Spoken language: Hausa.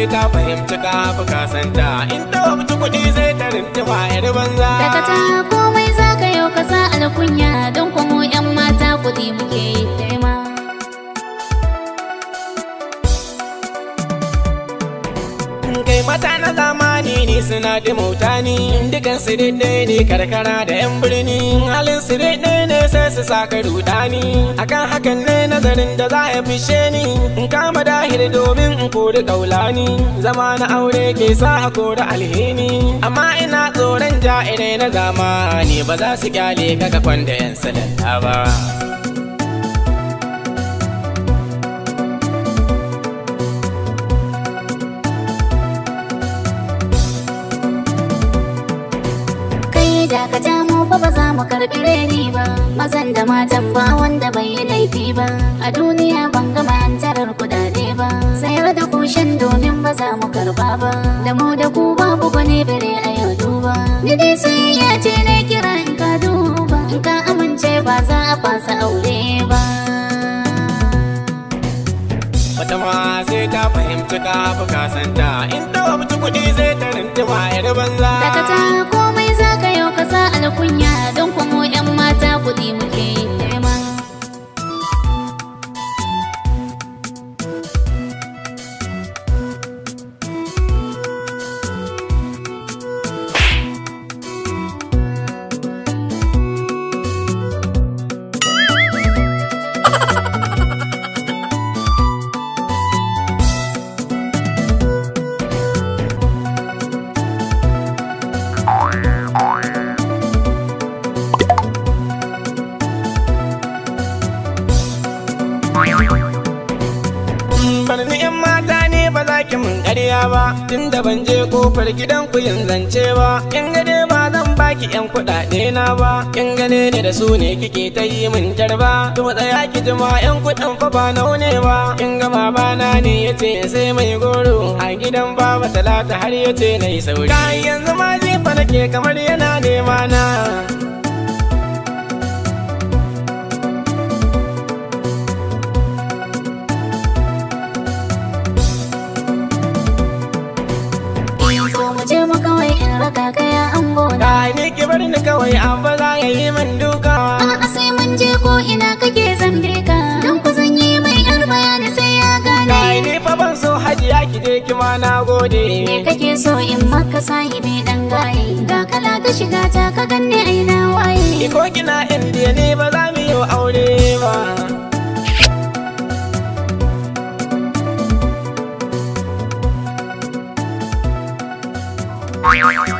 sai ta fahimci ka fi kasanta in ta mutu kuɗi zai ta a yar banza dakata komai za ka yau ka sa alkunya don kuma yan mata kuɗi muke yi taima kai mata na zamani ne suna da mautani dukan su daidai ne karkara da yan birni halin su daidai ne sai su saka rudani akan hakan ne nazarin da za a fishe ni madahir domin in kori kaulani zama na aure ke sa a kori alheni, amma ina tsoron ja'irai na zamani ba za su kyale kaga kwanda yan salanta ba dakata mu fa ba za mu karbi reni ba mazan da matan ba wanda bai yi laifi ba a duniya ban gama hantarar kudade ba sayar da kushin domin ba za mu karba ba da mu da ku babu bane bere a yau duba ni dai ya ce ne kira in ka duba in ka amince ba za a fasa aure ba wata ma sai ta fahimci ka fi kasanta in ta kuɗi zai ta rintima irin banza dakata za ka yau ka sa alkunya ba za ki mun ƙarya ba Tun da ban je kofar gidan ku yin zance ba in dai ba zan baki yan kuɗaɗe na ba in gane ni da su ne kike ta yi min jarba to tsaya ki jima yan kuɗin fa ba naune ba in ga babana ne yace ce sai mai goro a gidan baba talata har yace nayi na yi sauri yanzu ma jefa nake kamar yana nema na barni kawai kawai ba za ya yi min duka a'a sai mun je ko ina kake zambe ka Don ku zan yi mai yar bayani sai ya gane ai ni fa ban so hajiya ki je ki ma na gode me kake so in maka sahibi dan gaye ga kala ka shiga ta ka a ina waye ko kina indiya ne ba za mu yi aure ba oi, oi.